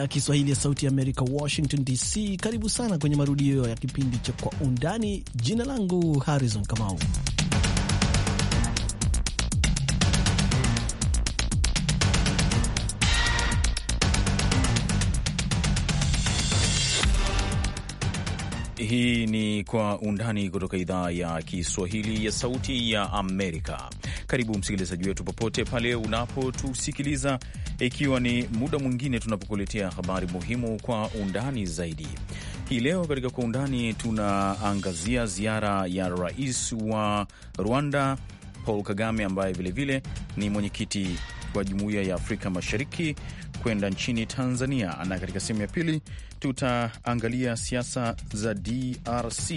ya Kiswahili ya Sauti ya Amerika, Washington DC. Karibu sana kwenye marudio ya kipindi cha Kwa Undani. Jina langu Harrison Kamau. Hii ni Kwa Undani kutoka idhaa ya Kiswahili ya Sauti ya Amerika. Karibu msikilizaji wetu popote pale unapotusikiliza, ikiwa ni muda mwingine tunapokuletea habari muhimu kwa undani zaidi. Hii leo katika kwa undani tunaangazia ziara ya rais wa Rwanda Paul Kagame ambaye vilevile ni mwenyekiti wa Jumuiya ya Afrika Mashariki kwenda nchini Tanzania, na katika sehemu ya pili tutaangalia siasa za DRC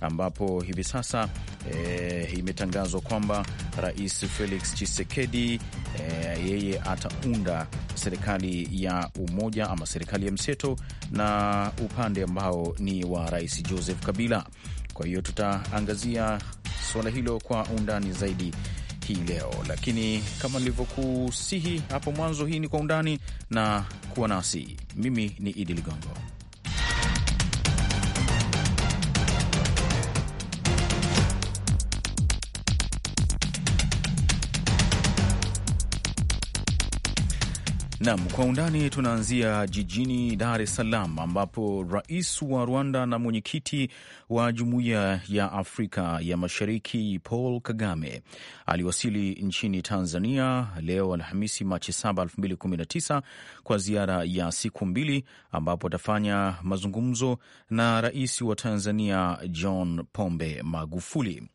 ambapo hivi sasa e, imetangazwa kwamba Rais Felix Tshisekedi e, yeye ataunda serikali ya umoja ama serikali ya mseto na upande ambao ni wa Rais Joseph Kabila. Kwa hiyo tutaangazia suala hilo kwa undani zaidi hii leo, lakini kama nilivyokusihi hapo mwanzo, hii ni kwa undani na kuwa nasi. Mimi ni Idi Ligongo. Nam kwa undani, tunaanzia jijini Dar es Salaam ambapo rais wa Rwanda na mwenyekiti wa jumuiya ya Afrika ya Mashariki Paul Kagame aliwasili nchini Tanzania leo Alhamisi, Machi 7, 2019 kwa ziara ya siku mbili, ambapo atafanya mazungumzo na rais wa Tanzania John Pombe Magufuli.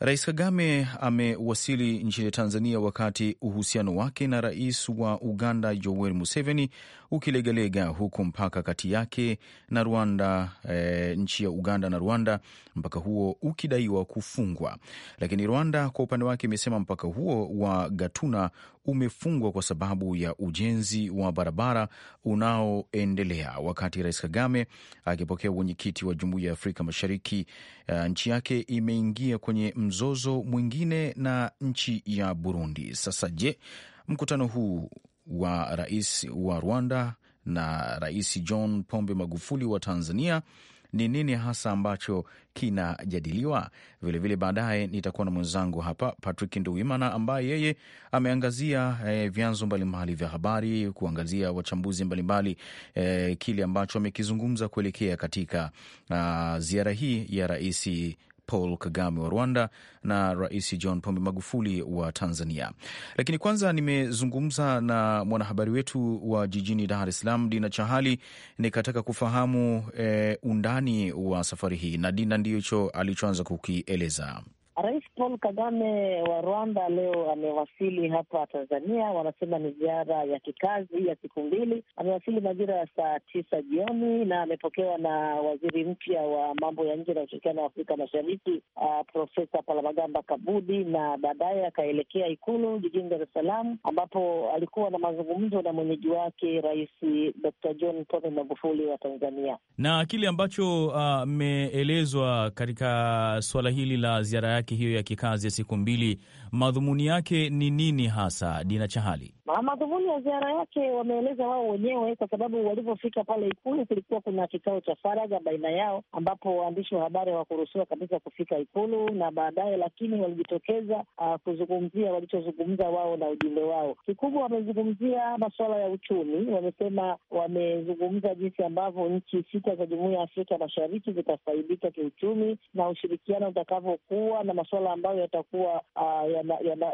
Rais Kagame amewasili nchini Tanzania wakati uhusiano wake na rais wa Uganda Yoweri Museveni ukilegalega, huku mpaka kati yake na Rwanda, e, nchi ya Uganda na Rwanda, mpaka huo ukidaiwa kufungwa. Lakini Rwanda kwa upande wake imesema mpaka huo wa Gatuna umefungwa kwa sababu ya ujenzi wa barabara unaoendelea. Wakati Rais Kagame akipokea uwenyekiti wa Jumuiya ya Afrika Mashariki, eh, nchi yake imeingia kwenye mzozo mwingine na nchi ya Burundi. Sasa je, mkutano huu wa rais wa Rwanda na Rais John Pombe Magufuli wa Tanzania ni nini hasa ambacho kinajadiliwa? Vilevile baadaye nitakuwa na mwenzangu hapa Patrick Nduwimana ambaye yeye ameangazia eh, vyanzo mbalimbali vya habari, kuangazia wachambuzi mbalimbali eh, kile ambacho amekizungumza kuelekea katika uh, ziara hii ya rais Paul Kagame wa Rwanda na Rais John Pombe Magufuli wa Tanzania. Lakini kwanza nimezungumza na mwanahabari wetu wa jijini Dar es Salaam, Dina Chahali, nikataka kufahamu e, undani wa safari hii na Dina ndicho alichoanza kukieleza. Paul Kagame wa Rwanda leo amewasili hapa Tanzania, wanasema ni ziara ya kikazi ya siku mbili. Amewasili majira ya saa tisa jioni na amepokewa na waziri mpya wa mambo ya nje na ushirikiano wa Afrika Mashariki, uh, Profesa Palamagamba Kabudi, na baadaye akaelekea Ikulu jijini Dar es Salaam ambapo alikuwa na mazungumzo na mwenyeji wake Rais Dr John Pombe Magufuli wa Tanzania, na kile ambacho uh, mmeelezwa uh, katika suala hili la ziara yake hiyo ya kikazi ya siku mbili madhumuni yake ni nini hasa, Dina Chahali? Madhumuni ya ziara yake wameeleza wao wenyewe, kwa sababu walivyofika pale Ikulu kulikuwa kuna kikao cha faragha baina yao, ambapo waandishi wa habari hawakuruhusiwa kabisa kufika Ikulu na baadaye, lakini walijitokeza uh, kuzungumzia walichozungumza wao na ujumbe wao. Kikubwa wamezungumzia masuala ya uchumi. Wamesema wamezungumza jinsi ambavyo nchi sita za Jumuiya ya Afrika Mashariki zitafaidika kiuchumi na ushirikiano utakavyokuwa na masuala ambayo yatakuwa uh, ya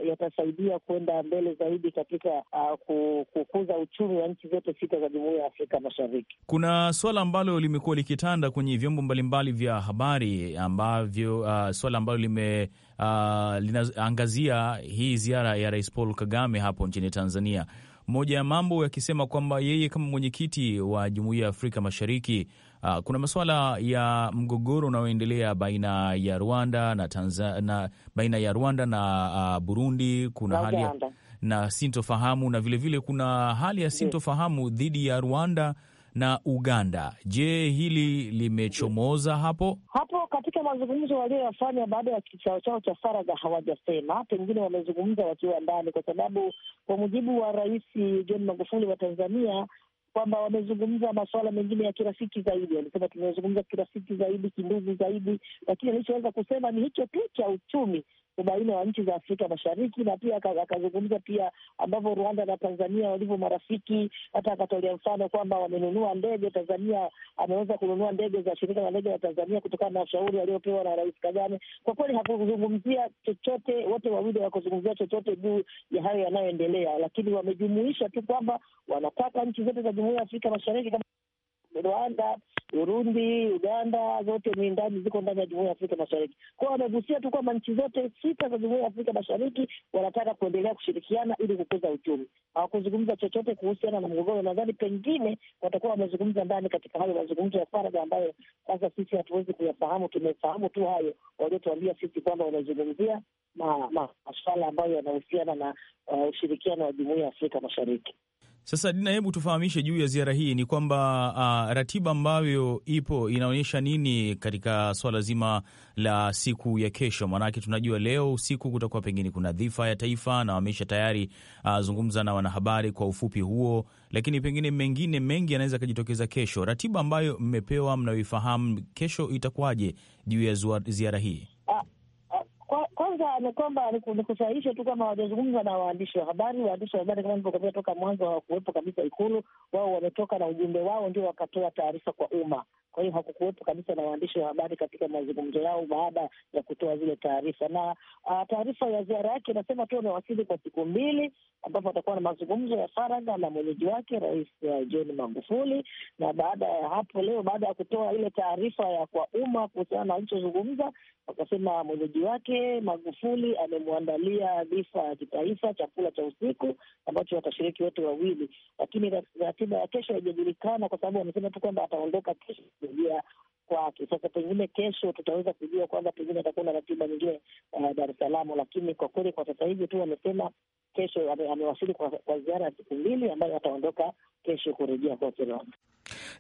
yatasaidia kwenda mbele zaidi katika uh, kukuza uchumi wa nchi zote sita za Jumuiya ya Afrika Mashariki. Kuna swala ambalo limekuwa likitanda kwenye vyombo mbalimbali vya habari ambavyo uh, swala ambalo lime uh, linaangazia hii ziara ya Rais Paul Kagame hapo nchini Tanzania, moja ya mambo yakisema kwamba yeye kama mwenyekiti wa jumuia ya Afrika Mashariki Uh, kuna masuala ya mgogoro unaoendelea baina ya Rwanda na Tanzania, baina ya Rwanda na uh, Burundi kuna na hali ya, na sintofahamu na vilevile vile kuna hali ya sintofahamu dhidi ya Rwanda na Uganda. Je, hili limechomoza hapo hapo? Katika mazungumzo walioyafanya baada ya kikao chao cha faragha hawajasema, pengine wamezungumza wakiwa ndani, kwa sababu kwa mujibu wa Rais John Magufuli wa Tanzania kwamba wamezungumza masuala mengine ya kirafiki zaidi. Walisema tumezungumza kirafiki zaidi, kindugu zaidi, lakini alichoweza kusema ni hicho tu cha uchumi ubaina wa nchi za Afrika Mashariki, na pia akazungumza pia ambavyo Rwanda na Tanzania walivyo marafiki. Hata akatolea mfano kwamba wamenunua ndege, Tanzania ameweza kununua ndege za shirika la ndege la Tanzania kutokana na ushauri aliopewa na Rais Kagame. Kwa kweli hakuzungumzia chochote, wote wawili hawakuzungumzia chochote juu ya hayo yanayoendelea, lakini wamejumuisha tu kwamba wanataka nchi zote za Jumuiya ya Afrika Mashariki kama Rwanda, Burundi, Uganda zote ni ndani, ziko ndani ya jumuiya ya Afrika Mashariki. Kwao wamegusia tu kwamba nchi zote sita za jumuiya ya Afrika Mashariki wanataka kuendelea kushirikiana ili kukuza uchumi. Hawakuzungumza chochote kuhusiana na mgogoro. Nadhani pengine watakuwa wamezungumza ndani katika hayo mazungumzo ya faraga ambayo sasa sisi hatuwezi kuyafahamu. Tumefahamu tu hayo waliotuambia sisi kwamba wamezungumzia maswala ambayo yanahusiana na uh, ushirikiano wa jumuiya ya Afrika Mashariki. Sasa Dina, hebu tufahamishe juu ya ziara hii, ni kwamba uh, ratiba ambayo ipo inaonyesha nini katika swala zima la siku ya kesho? Maanake tunajua leo usiku kutakuwa pengine kuna dhifa ya taifa na wameisha tayari uh, zungumza na wanahabari kwa ufupi huo, lakini pengine mengine mengi yanaweza akajitokeza kesho. Ratiba ambayo mmepewa mnayoifahamu, kesho itakuwaje juu ya ziara hii? Ah, kwanza ni kwamba nikusahihishe tu kama wajazungumza na waandishi wa habari. Waandishi wa habari kama nilivyokwambia toka mwanzo hawakuwepo kabisa Ikulu, wao wametoka na ujumbe wao, ndio wakatoa taarifa kwa umma. Kwa hiyo hakukuwepo kabisa na waandishi wa habari katika mazungumzo yao baada ya kutoa zile taarifa. Na ah, taarifa ya ziara yake inasema tu amewasili kwa siku mbili, ambapo atakuwa na mazungumzo ya faragha na mwenyeji wake Rais uh, John Magufuli. Na baada ya hapo leo, baada ya kutoa ile taarifa ya kwa umma kuhusiana na alichozungumza, wakasema mwenyeji wake Magufuli amemwandalia dhifa ya kitaifa, chakula cha usiku ambacho watashiriki wote wawili, lakini ratiba ya kesho haijajulikana, kwa sababu wamesema tu kwamba ataondoka kesho kurejea kwake. Sasa pengine kesho tutaweza kujua kwamba pengine atakuwa na ratiba nyingine uh, Dar es Salaam, lakini kwa kweli kwa sasa hivi tu amesema kesho amewasili kwa, kwa ziara ya siku mbili ambayo ataondoka kesho kurejea Barcelona.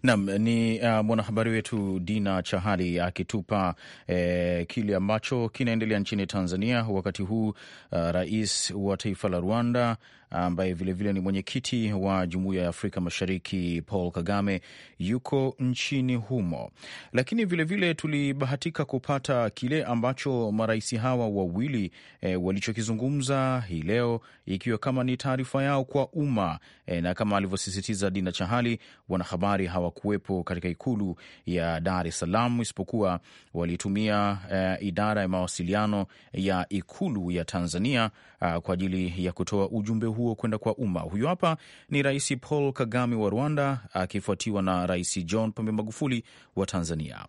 nam ni uh, mwanahabari wetu Dina Chahali akitupa eh, kile ambacho kinaendelea nchini Tanzania wakati huu uh, rais wa taifa la Rwanda ambaye vilevile ni mwenyekiti wa Jumuiya ya Afrika Mashariki, Paul Kagame yuko nchini humo. Lakini vilevile tulibahatika kupata kile ambacho marais hawa wawili e, walichokizungumza hii leo, ikiwa kama ni taarifa yao kwa umma e, na kama alivyosisitiza Dina Chahali, wanahabari hawakuwepo katika ikulu ya Dar es Salaam, isipokuwa walitumia e, idara ya mawasiliano ya ikulu ya Tanzania uh, kwa ajili ya kutoa ujumbe huo kwenda kwa umma. Huyu hapa ni Rais Paul Kagame wa Rwanda akifuatiwa uh, na Rais John Pombe Magufuli wa Tanzania.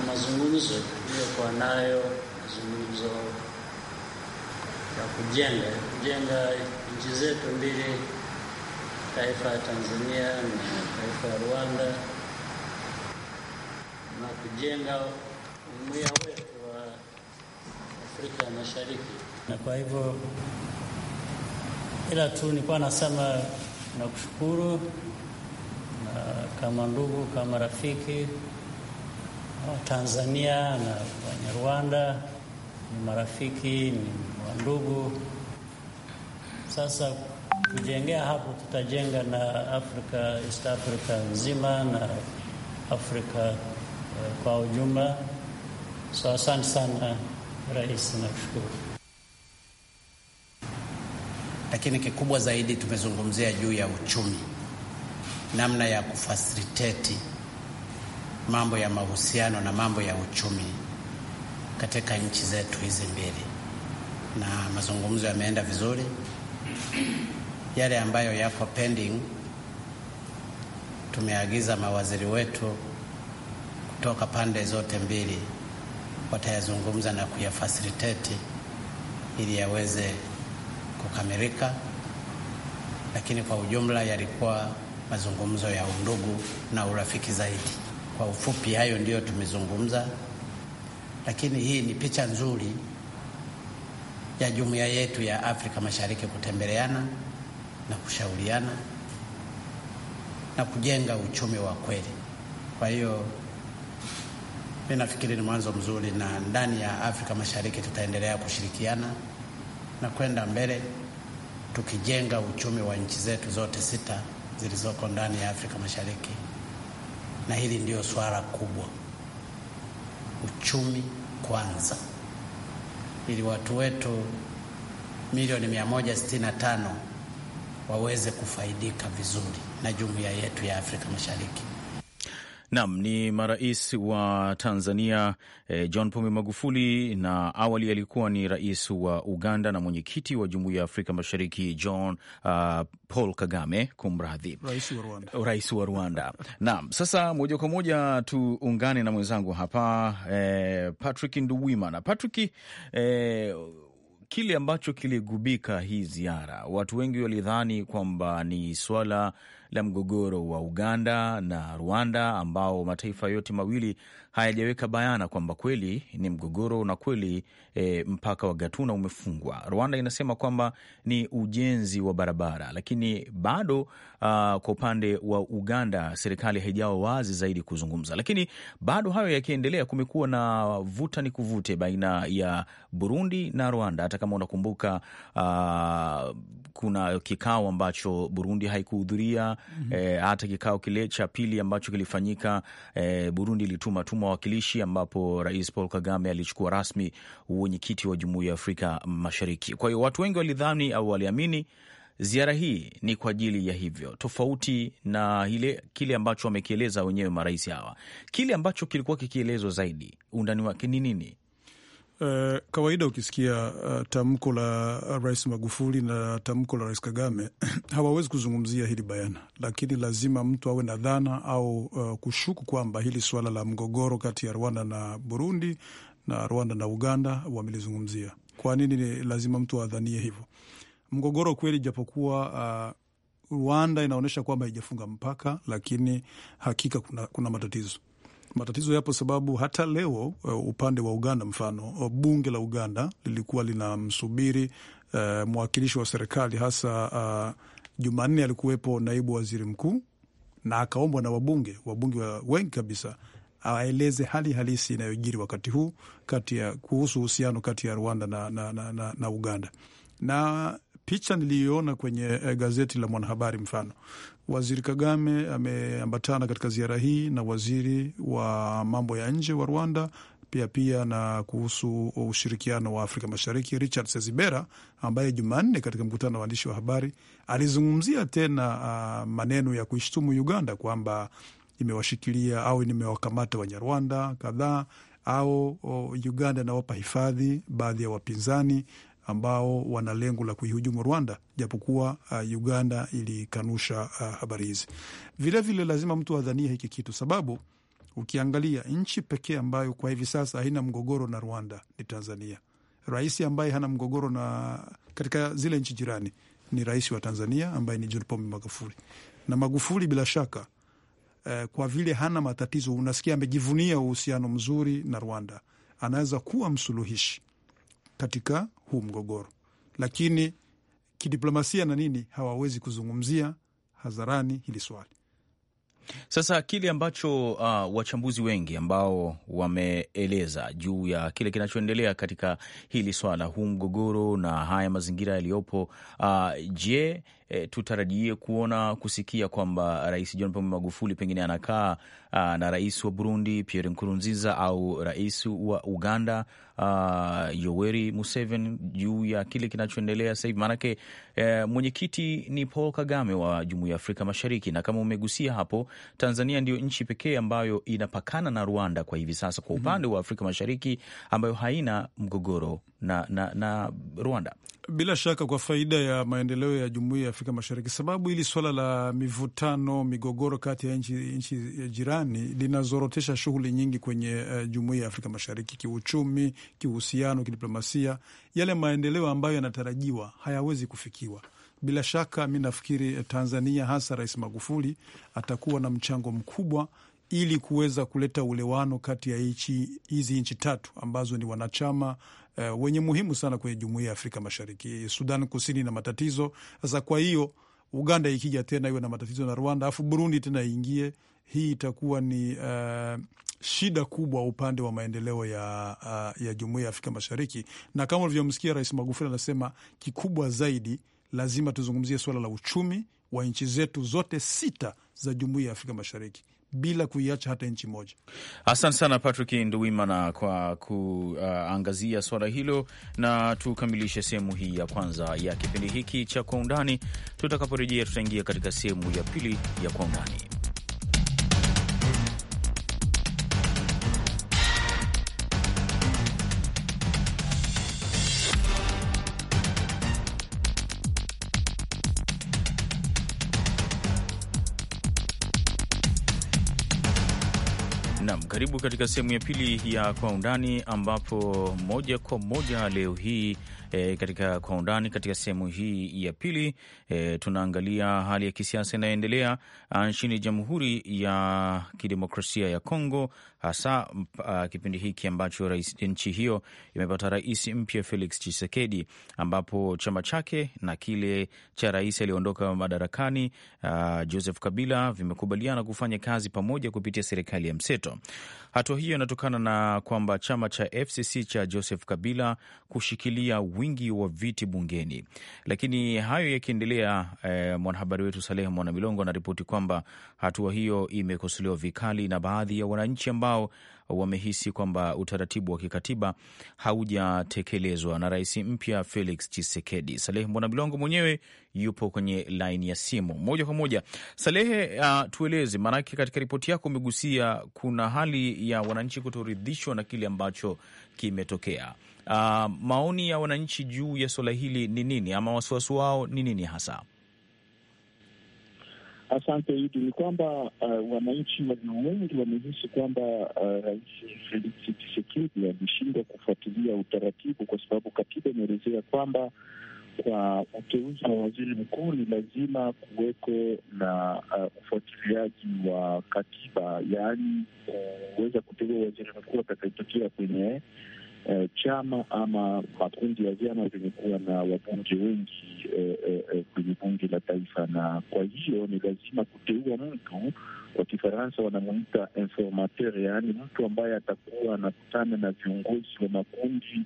Ni mazungumzo iliyokuwa nayo mazungumzo ya kujenga kujenga nchi zetu mbili, taifa ya Tanzania na taifa ya Rwanda na kujenga umoja wetu wa Afrika ya Mashariki na kwa hivyo, ila tu nilikuwa nasema nakushukuru, na kama ndugu, kama rafiki wa Tanzania na Wanyarwanda ni marafiki, ni wandugu. Sasa kujengea hapo, tutajenga na Afrika, East Africa nzima na Afrika eh, kwa ujumla. So asante sana rais, nakushukuru lakini kikubwa zaidi tumezungumzia juu ya uchumi, namna ya kufasiliteti mambo ya mahusiano na mambo ya uchumi katika nchi zetu hizi mbili, na mazungumzo yameenda vizuri. Yale ambayo yako pending tumeagiza mawaziri wetu kutoka pande zote mbili watayazungumza na kuyafasiliteti ili yaweze kukamilika, lakini kwa ujumla yalikuwa mazungumzo ya undugu na urafiki zaidi. Kwa ufupi, hayo ndiyo tumezungumza, lakini hii ni picha nzuri ya jumuiya yetu ya Afrika Mashariki kutembeleana na kushauriana na kujenga uchumi wa kweli. Kwa hiyo mi nafikiri ni mwanzo mzuri, na ndani ya Afrika Mashariki tutaendelea kushirikiana na kwenda mbele tukijenga uchumi wa nchi zetu zote sita zilizoko ndani ya Afrika Mashariki, na hili ndiyo swala kubwa, uchumi kwanza, ili watu wetu milioni 165 waweze kufaidika vizuri na jumuiya yetu ya Afrika Mashariki. Nam ni marais wa Tanzania eh, John Pombe Magufuli na awali alikuwa ni rais wa Uganda na mwenyekiti wa Jumuiya ya Afrika Mashariki John uh, Paul Kagame, kumradhi, rais wa Rwanda, rais wa Rwanda. Naam, sasa moja kwa moja tuungane na mwenzangu hapa eh, Patrick Nduwimana. Patrick, eh, kile ambacho kiligubika hii ziara, watu wengi walidhani kwamba ni swala la mgogoro wa Uganda na Rwanda, ambao mataifa yote mawili hayajaweka bayana kwamba kweli ni mgogoro na kweli e, mpaka wa Gatuna umefungwa. Rwanda inasema kwamba ni ujenzi wa barabara, lakini bado uh, kwa upande wa Uganda serikali haijawa wazi zaidi kuzungumza. Lakini bado hayo yakiendelea, kumekuwa na vuta ni kuvute baina ya Burundi na Rwanda. Hata kama unakumbuka uh, kuna kikao ambacho Burundi haikuhudhuria mm -hmm. E, hata kikao kile cha pili ambacho kilifanyika e, Burundi ilituma tuma wawakilishi ambapo Rais Paul Kagame alichukua rasmi uwenyekiti wa Jumuiya ya Afrika Mashariki. Kwa hiyo watu wengi walidhani au waliamini ziara hii ni kwa ajili ya hivyo, tofauti na ile kile ambacho wamekieleza wenyewe marais hawa. Kile ambacho kilikuwa kikielezwa zaidi, undani wake ni nini? Eh, kawaida ukisikia uh, tamko la eh, Rais Magufuli na tamko la Rais Kagame hawawezi kuzungumzia hili bayana, lakini lazima mtu awe na dhana au uh, kushuku kwamba hili suala la mgogoro kati ya Rwanda na Burundi na Rwanda na Uganda wamelizungumzia. Kwa nini ni lazima mtu adhanie hivyo? Mgogoro kweli, japokuwa uh, Rwanda inaonyesha kwamba haijafunga mpaka, lakini hakika kuna, kuna matatizo Matatizo yapo sababu hata leo uh, upande wa Uganda mfano eh, bunge la Uganda lilikuwa linamsubiri uh, mwakilishi wa serikali hasa uh, Jumanne alikuwepo naibu waziri mkuu na akaombwa na wabunge wabunge wa wengi kabisa aeleze hali halisi inayojiri wakati huu kati ya kuhusu uhusiano kati ya Rwanda na, na, na, na, na Uganda. Na picha niliyoona kwenye gazeti la Mwanahabari mfano Waziri Kagame ameambatana katika ziara hii na waziri wa mambo ya nje wa Rwanda pia pia na kuhusu ushirikiano wa Afrika Mashariki Richard Sezibera, ambaye Jumanne katika mkutano wa waandishi wa habari alizungumzia tena uh, maneno ya kuishtumu Uganda kwamba imewashikilia au nimewakamata Wanyarwanda kadhaa au oh, Uganda inawapa hifadhi baadhi ya wapinzani ambao wana lengo la kuihujumu Rwanda, japokuwa uh, Uganda ilikanusha uh, habari hizi. Vilevile lazima mtu adhania hiki kitu, sababu ukiangalia nchi pekee ambayo kwa hivi sasa haina mgogoro na Rwanda ni Tanzania. Rais ambaye hana mgogoro na katika zile nchi jirani ni rais wa Tanzania ambaye ni John Pombe Magufuli. Na Magufuli bila shaka eh, kwa vile hana matatizo, unasikia amejivunia uhusiano mzuri na Rwanda, anaweza kuwa msuluhishi katika huu mgogoro, lakini kidiplomasia na nini hawawezi kuzungumzia hadharani hili swali. Sasa kile ambacho uh, wachambuzi wengi ambao wameeleza juu ya kile kinachoendelea katika hili swala, huu mgogoro na haya mazingira yaliyopo, uh, je e, tutarajie kuona kusikia kwamba Rais John Pombe Magufuli pengine anakaa ah, na rais wa Burundi Pierre Nkurunziza au rais wa Uganda a, ah, Yoweri Museveni juu ya kile kinachoendelea sasa hivi, maanake e, mwenyekiti ni Paul Kagame wa Jumuiya ya Afrika Mashariki, na kama umegusia hapo, Tanzania ndiyo nchi pekee ambayo inapakana na Rwanda kwa hivi sasa kwa mhm. upande mm -hmm. wa Afrika Mashariki ambayo haina mgogoro na, na, na Rwanda bila shaka kwa faida ya maendeleo ya jumuiya ya Afrika Mashariki, sababu hili swala la mivutano, migogoro kati ya nchi nchi jirani linazorotesha shughuli nyingi kwenye uh, jumuiya ya Afrika Mashariki, kiuchumi, kihusiano kidiplomasia. Yale maendeleo ambayo yanatarajiwa hayawezi kufikiwa. Bila shaka, mi nafikiri eh, Tanzania, hasa Rais Magufuli atakuwa na mchango mkubwa ili kuweza kuleta ulewano kati ya hizi nchi tatu ambazo ni wanachama uh, wenye muhimu sana kwenye jumuiya ya Afrika Mashariki. Sudan Kusini na matatizo sasa, kwa hiyo Uganda ikija tena iwe na matatizo na Rwanda, alafu Burundi tena iingie, hii itakuwa ni uh, shida kubwa upande wa maendeleo ya, uh, ya jumuiya ya Afrika Mashariki. Na kama ulivyomsikia Rais Magufuli anasema, kikubwa zaidi lazima tuzungumzie suala la uchumi wa nchi zetu zote sita za Jumuiya ya Afrika Mashariki bila kuiacha hata nchi moja. Asante sana Patrick Nduwimana kwa kuangazia uh, swala hilo, na tukamilishe sehemu hii ya kwanza ya kipindi hiki cha Kwa Undani. Tutakaporejea tutaingia katika sehemu ya pili ya Kwa Undani. katika sehemu ya pili ya Kwa Undani, ambapo moja kwa moja leo hii e, katika Kwa Undani, katika sehemu hii ya pili e, tunaangalia hali ya kisiasa inayoendelea nchini Jamhuri ya Kidemokrasia ya Kongo hasa uh, kipindi hiki ambacho rais, nchi hiyo imepata rais mpya Felix Chisekedi, ambapo chama chake na kile cha rais aliyoondoka madarakani uh, Joseph Kabila vimekubaliana kufanya kazi pamoja kupitia serikali ya mseto. Hatua hiyo inatokana na kwamba chama cha FCC cha Joseph Kabila kushikilia wingi wa viti bungeni. Lakini hayo yakiendelea, eh, mwanahabari wetu Saleh Mwanamilongo anaripoti kwamba hatua hiyo imekosolewa vikali na baadhi ya wananchi ambao ambao wamehisi kwamba utaratibu wa kikatiba haujatekelezwa na rais mpya Felix Chisekedi. Salehe Mwanamilongo mwenyewe yupo kwenye laini ya simu moja kwa moja. Salehe, uh, tueleze, maanake katika ripoti yako umegusia kuna hali ya wananchi kutoridhishwa na kile ambacho kimetokea. Uh, maoni ya wananchi juu ya suala hili ni nini, ama wasiwasi wao ni nini hasa? Asante Idi. Ni kwamba uh, wananchi walio wengi wamehisi kwamba uh, feliksi Felix Tshisekedi alishindwa kufuatilia utaratibu, kwa sababu katiba imeelezea kwamba kwa uteuzi wa waziri mkuu ni lazima kuweko na uh, ufuatiliaji wa katiba, yaani kuweza kuteua waziri mkuu atakayetokea kwenye eh, chama ama makundi ya vyama vyenye kuwa na wabunge wengi eh, eh, eh kwenye bunge la taifa, na kwa hiyo ni lazima kuteua mtu wa Kifaransa wanamuita informateur, yaani mtu ambaye atakuwa anakutana na viongozi wa makundi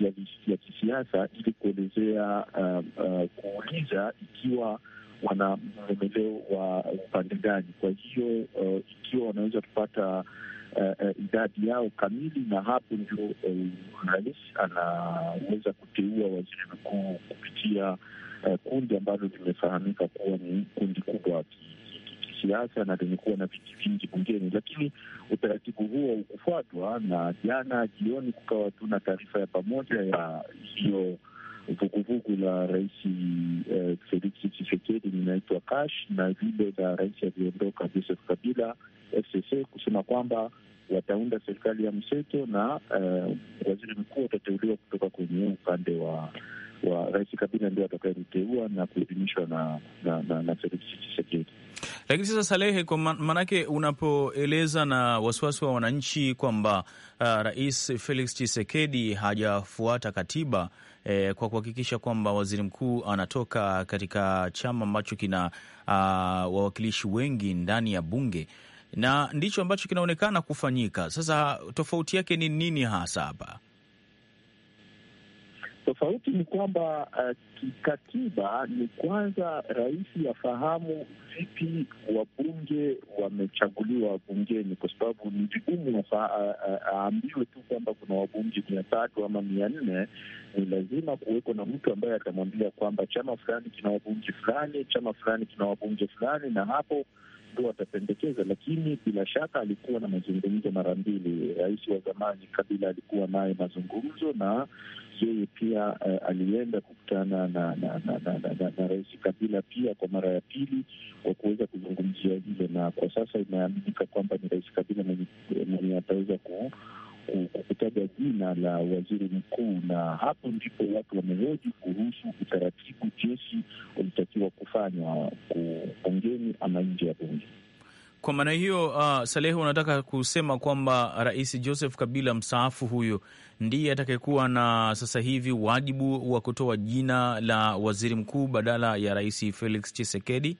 ya, ya kisiasa ili kuelezea uh, uh, kuuliza ikiwa wana mlemeleo wa upande gani. Kwa hiyo uh, ikiwa wanaweza kupata Eh, eh, idadi uh, yao kamili, na hapo ndio uh, rais anaweza kuteua waziri mkuu kupitia uh, kundi ambalo limefahamika kuwa ni kundi kubwa kisiasa na lenye kuwa na viti vingi bungeni, lakini utaratibu huo ukufuatwa, na jana jioni kukawa tuna taarifa ya pamoja ya hiyo vuguvugu la rais eh, Felix Tshisekedi linaitwa Kash na vile la rais aliyeondoka Joseph Kabila FCC kusema kwamba wataunda serikali ya mseto na uh, waziri mkuu watateuliwa kutoka kwenye upande wa wa Rais Kabila ndio atakayemteua na kuidhinishwa na na, na, na na Tshisekedi. Lakini sasa Salehe, kwa maanake unapoeleza na wasiwasi wa wananchi kwamba uh, Rais Felix Tshisekedi hajafuata katiba eh, kwa kuhakikisha kwamba waziri mkuu anatoka katika chama ambacho kina uh, wawakilishi wengi ndani ya bunge na ndicho ambacho kinaonekana kufanyika. Sasa tofauti yake ni nini hasa hapa? Tofauti ni kwamba uh, kikatiba ni kwanza rais afahamu vipi wabunge wamechaguliwa bungeni, kwa sababu ni vigumu eh, eh, aambiwe tu kwamba kuna wabunge mia tatu ama mia nne. Ni lazima kuweko na mtu ambaye atamwambia kwamba chama fulani kina wabunge fulani, chama fulani kina wabunge fulani, na hapo ndo atapendekeza lakini bila shaka alikuwa na mazungumzo mara mbili. Rais wa zamani Kabila alikuwa naye mazungumzo na yeye pia uh, alienda kukutana na, na, na, na, na, na, na rais Kabila pia kwa mara ya pili kwa kuweza kuzungumzia hilo, na kwa sasa inaaminika kwamba ni rais Kabila mwenye eh, ataweza ku utataja jina la waziri mkuu, na hapo ndipo watu wamehoji kuhusu utaratibu jeshi ulitakiwa kufanywa bungeni ama nje ya bunge. Kwa maana hiyo, uh, Salehu, unataka kusema kwamba Rais Joseph Kabila mstaafu huyo ndiye atakayekuwa na sasa hivi wajibu wa kutoa jina la waziri mkuu badala ya Rais Felix Tshisekedi?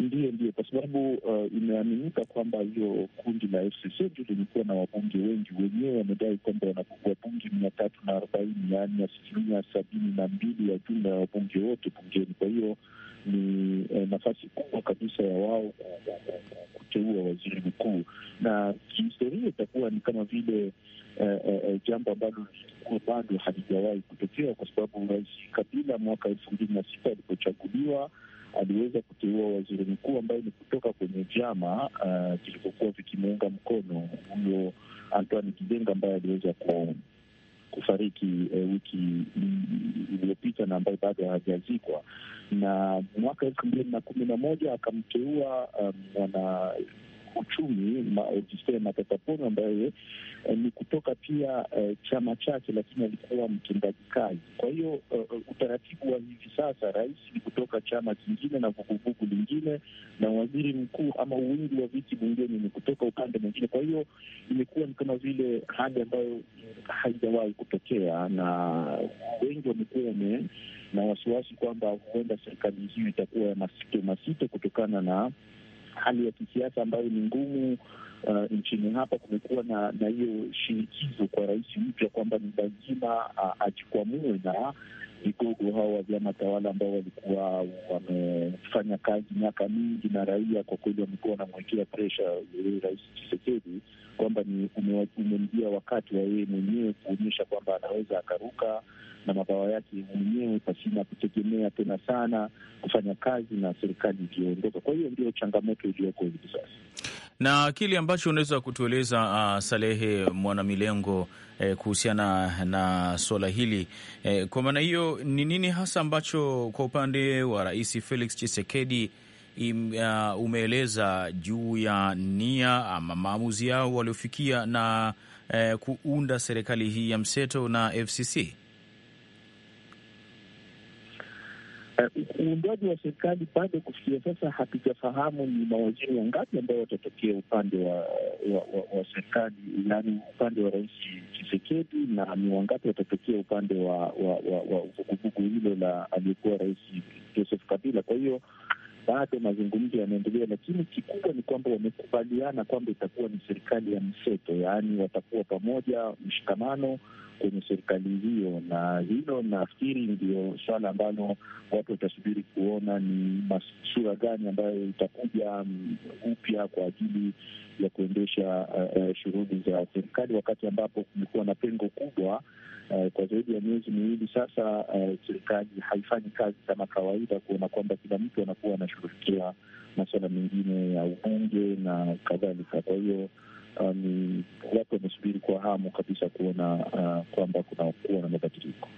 Ndiyo, ndiyo, kwa sababu uh, imeaminika kwamba hiyo kundi la FCC ndio lilikuwa na wabunge wengi. Wenyewe wamedai kwamba wana wabunge mia tatu na arobaini yaani asilimia sabini na mbili ya jumla ya wabunge wote bungeni. Kwa hiyo ni eh, nafasi kubwa kabisa ya wao kuteua waziri mkuu, na kihistoria itakuwa ni kama vile eh, eh, eh, jambo ambalo lilikuwa bado halijawahi kutokea, kwa sababu Rais Kabila mwaka elfu mbili na sita alipochaguliwa aliweza kuteua waziri mkuu ambaye ni kutoka kwenye vyama vilivyokuwa uh, vikimuunga mkono huyo Antoine Gizenga ambaye aliweza kufariki uh, wiki iliyopita na ambayo bado hajazikwa. Na mwaka elfu mbili na kumi na moja akamteua um, mwana um, uchumi tuseme Makakaporo, ambaye eh, ni kutoka pia eh, chama chake, lakini alikuwa mtendaji kazi. Kwa hiyo uh, utaratibu wa hivi sasa, rais ni kutoka chama kingine na vuguvugu lingine, na waziri mkuu ama uwingi wa viti bungeni ni kutoka upande mwingine. Kwa hiyo imekuwa ni kama vile hali ambayo haijawahi kutokea, na wengi wamekuwa wame na wasiwasi kwamba huenda serikali hiyo itakuwa ya masito masito kutokana na hali ya kisiasa ambayo ni ngumu uh, nchini hapa. Kumekuwa na na hiyo shinikizo kwa rais mpya kwamba ni lazima uh, ajikwamue na vigogo hao wa vyama tawala ambao walikuwa wamefanya kazi miaka mingi na raia. Kwa kweli wamekuwa wanamwekea presha yeye Rais chisekedi kwamba ni umemjia wakati wa yeye mwenyewe kuonyesha kwamba anaweza akaruka na mabawa yake mwenyewe pasina kutegemea tena sana kufanya kazi na serikali ikiondoka. Kwa hiyo ndio changamoto iliyoko hivi sasa na kile ambacho unaweza kutueleza uh, Salehe Mwanamilengo eh, kuhusiana na suala hili eh, kwa maana hiyo ni nini hasa ambacho kwa upande wa Rais Felix Tshisekedi im, uh, umeeleza juu ya nia ama maamuzi yao waliofikia na eh, kuunda serikali hii ya mseto na FCC? Eh, uundwaji wa serikali bado kufikia sasa hatujafahamu ni mawaziri wangapi ambao watatokea upande wa, wa, wa, wa serikali, yaani upande wa Rais Chisekedi na ni wangapi watatokea upande wa vuguvugu hilo la aliyekuwa Rais Joseph Kabila. Kwa hiyo bado mazungumzo yanaendelea, lakini kikubwa ni kwamba wamekubaliana kwamba itakuwa ni serikali ya mseto, yaani watakuwa pamoja, mshikamano kwenye serikali hiyo, na hilo nafikiri ndio swala ambalo watu watasubiri kuona ni sura gani ambayo itakuja um, upya kwa ajili ya kuendesha uh, uh, shughuli za serikali, wakati ambapo kumekuwa na pengo kubwa uh, kwa zaidi ya miezi miwili sasa. Uh, serikali haifanyi kazi kama kawaida, kuona kwamba kila mtu anakuwa anashughulikia masuala mengine ya ubunge na kadhalika. Kwa hiyo Ah, ni watu wamesubiri kwa hamu kabisa kuona uh, kwamba kunakuwa na mabadiliko.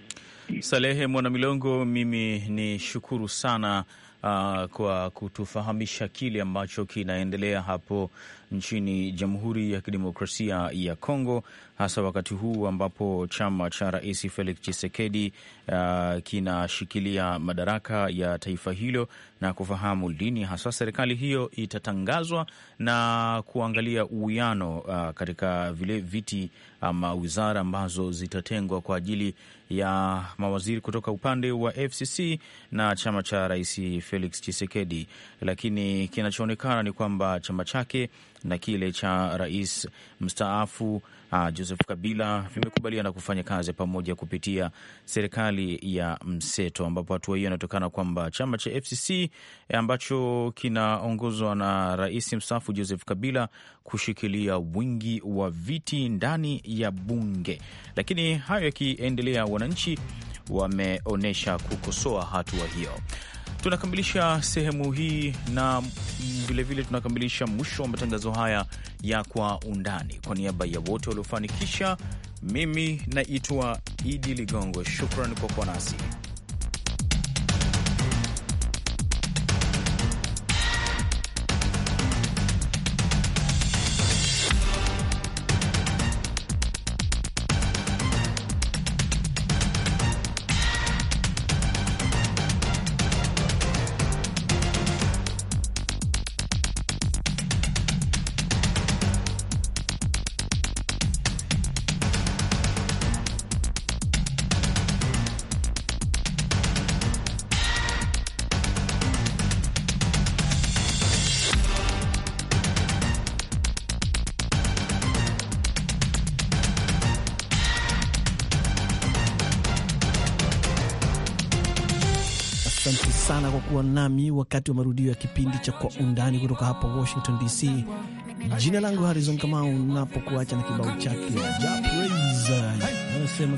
Salehe Mwanamilongo, mimi ni shukuru sana uh, kwa kutufahamisha kile ambacho kinaendelea hapo nchini Jamhuri ya Kidemokrasia ya Kongo, hasa wakati huu ambapo chama cha Rais Felix Tshisekedi uh, kinashikilia madaraka ya taifa hilo, na kufahamu lini hasa serikali hiyo itatangazwa na kuangalia uwiano uh, katika vile viti ama wizara ambazo zitatengwa kwa ajili ya mawaziri kutoka upande wa FCC na chama cha Rais Felix Chisekedi, lakini kinachoonekana ni kwamba chama chake na kile cha rais mstaafu uh, Joseph Kabila vimekubaliana kufanya kazi pamoja kupitia serikali ya mseto, ambapo hatua hiyo inatokana kwamba chama cha FCC eh, ambacho kinaongozwa na rais mstaafu Joseph Kabila kushikilia wingi wa viti ndani ya bunge. Lakini hayo yakiendelea, wananchi wameonyesha kukosoa hatua wa hiyo. Tunakamilisha sehemu hii na vilevile tunakamilisha mwisho wa matangazo haya ya Kwa Undani. Kwa niaba ya wote waliofanikisha, mimi naitwa Idi Ligongo. Shukran kwa kuwa nasi. kuwa nami wakati wa marudio ya kipindi cha Kwa Undani kutoka hapa Washington DC. Jina langu Harizon Kamau, napokuacha na kibao chake ja praise anasema